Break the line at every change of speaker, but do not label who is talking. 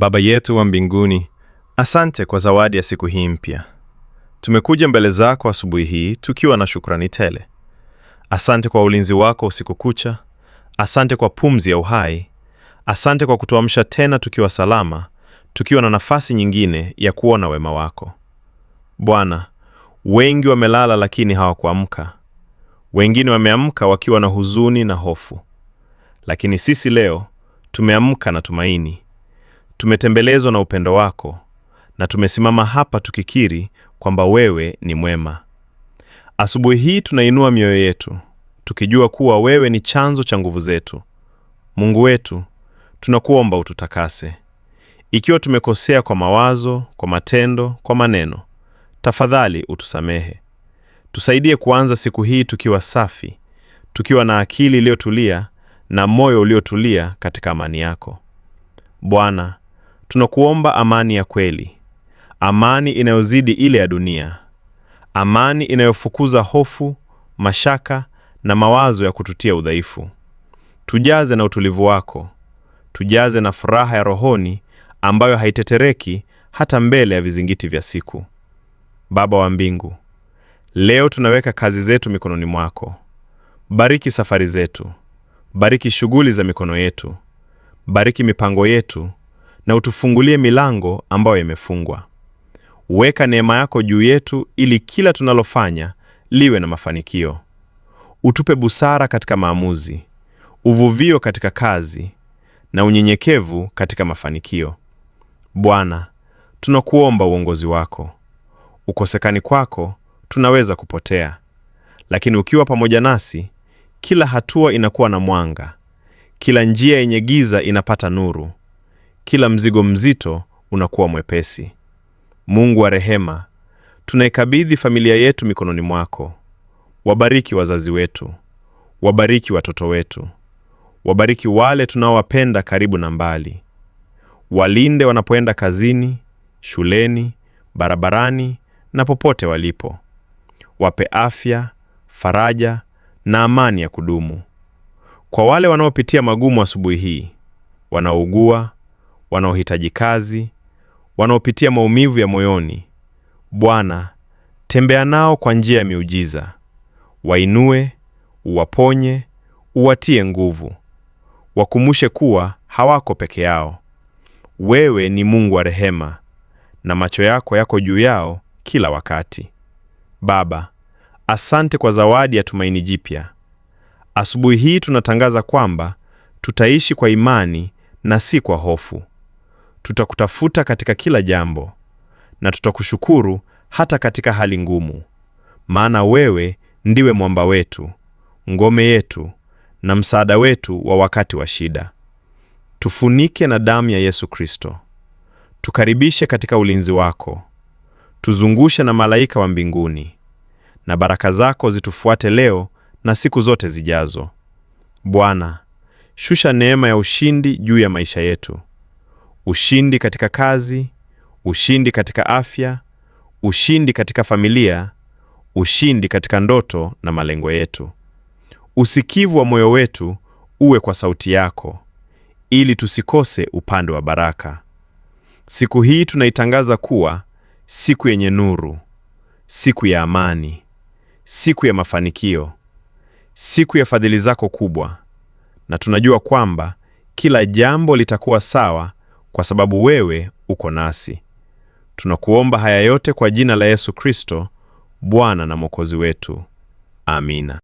Baba yetu wa mbinguni, asante kwa zawadi ya siku hii mpya. Tumekuja mbele zako asubuhi hii tukiwa na shukrani tele. Asante kwa ulinzi wako usiku kucha. Asante kwa pumzi ya uhai. Asante kwa kutuamsha tena tukiwa salama, tukiwa na nafasi nyingine ya kuona wema wako Bwana. Wengi wamelala lakini hawakuamka, wengine wameamka wakiwa na huzuni na hofu, lakini sisi leo tumeamka na tumaini. Tumetembelezwa na upendo wako na tumesimama hapa tukikiri kwamba wewe ni mwema. Asubuhi hii tunainua mioyo yetu tukijua kuwa wewe ni chanzo cha nguvu zetu. Mungu wetu, tunakuomba ututakase. Ikiwa tumekosea kwa mawazo, kwa matendo, kwa maneno, tafadhali utusamehe. Tusaidie kuanza siku hii tukiwa safi, tukiwa na akili iliyotulia na moyo uliotulia katika amani yako Bwana. Tunakuomba amani ya kweli, amani inayozidi ile ya dunia, amani inayofukuza hofu, mashaka na mawazo ya kututia udhaifu. Tujaze na utulivu wako, tujaze na furaha ya rohoni ambayo haitetereki hata mbele ya vizingiti vya siku. Baba wa mbingu, leo tunaweka kazi zetu mikononi mwako. Bariki safari zetu, bariki shughuli za mikono yetu, bariki mipango yetu na utufungulie milango ambayo imefungwa. Weka neema yako juu yetu ili kila tunalofanya liwe na mafanikio. Utupe busara katika maamuzi, uvuvio katika kazi na unyenyekevu katika mafanikio. Bwana, tunakuomba uongozi wako. Ukosekani kwako tunaweza kupotea, lakini ukiwa pamoja nasi, kila hatua inakuwa na mwanga, kila njia yenye giza inapata nuru kila mzigo mzito unakuwa mwepesi. Mungu wa rehema, tunaikabidhi familia yetu mikononi mwako. Wabariki wazazi wetu, wabariki watoto wetu, wabariki wale tunaowapenda karibu na mbali. Walinde wanapoenda kazini, shuleni, barabarani na popote walipo. Wape afya, faraja na amani ya kudumu. Kwa wale wanaopitia magumu asubuhi hii, wanaougua wanaohitaji kazi, wanaopitia maumivu ya moyoni. Bwana, tembea nao kwa njia ya miujiza, wainue, uwaponye, uwatie nguvu, wakumushe kuwa hawako peke yao. Wewe ni Mungu wa rehema na macho yako yako juu yao kila wakati. Baba, asante kwa zawadi ya tumaini jipya. Asubuhi hii tunatangaza kwamba tutaishi kwa imani na si kwa hofu. Tutakutafuta katika kila jambo na tutakushukuru hata katika hali ngumu, maana wewe ndiwe mwamba wetu, ngome yetu na msaada wetu wa wakati wa shida. Tufunike na damu ya Yesu Kristo, tukaribishe katika ulinzi wako, tuzungushe na malaika wa mbinguni, na baraka zako zitufuate leo na siku zote zijazo. Bwana, shusha neema ya ushindi juu ya maisha yetu ushindi katika kazi, ushindi katika afya, ushindi katika familia, ushindi katika ndoto na malengo yetu. Usikivu wa moyo wetu uwe kwa sauti yako, ili tusikose upande wa baraka. Siku hii tunaitangaza kuwa siku yenye nuru, siku ya amani, siku ya mafanikio, siku ya fadhili zako kubwa, na tunajua kwamba kila jambo litakuwa sawa kwa sababu wewe uko nasi. Tunakuomba haya yote kwa jina la Yesu Kristo, Bwana na Mwokozi wetu. Amina.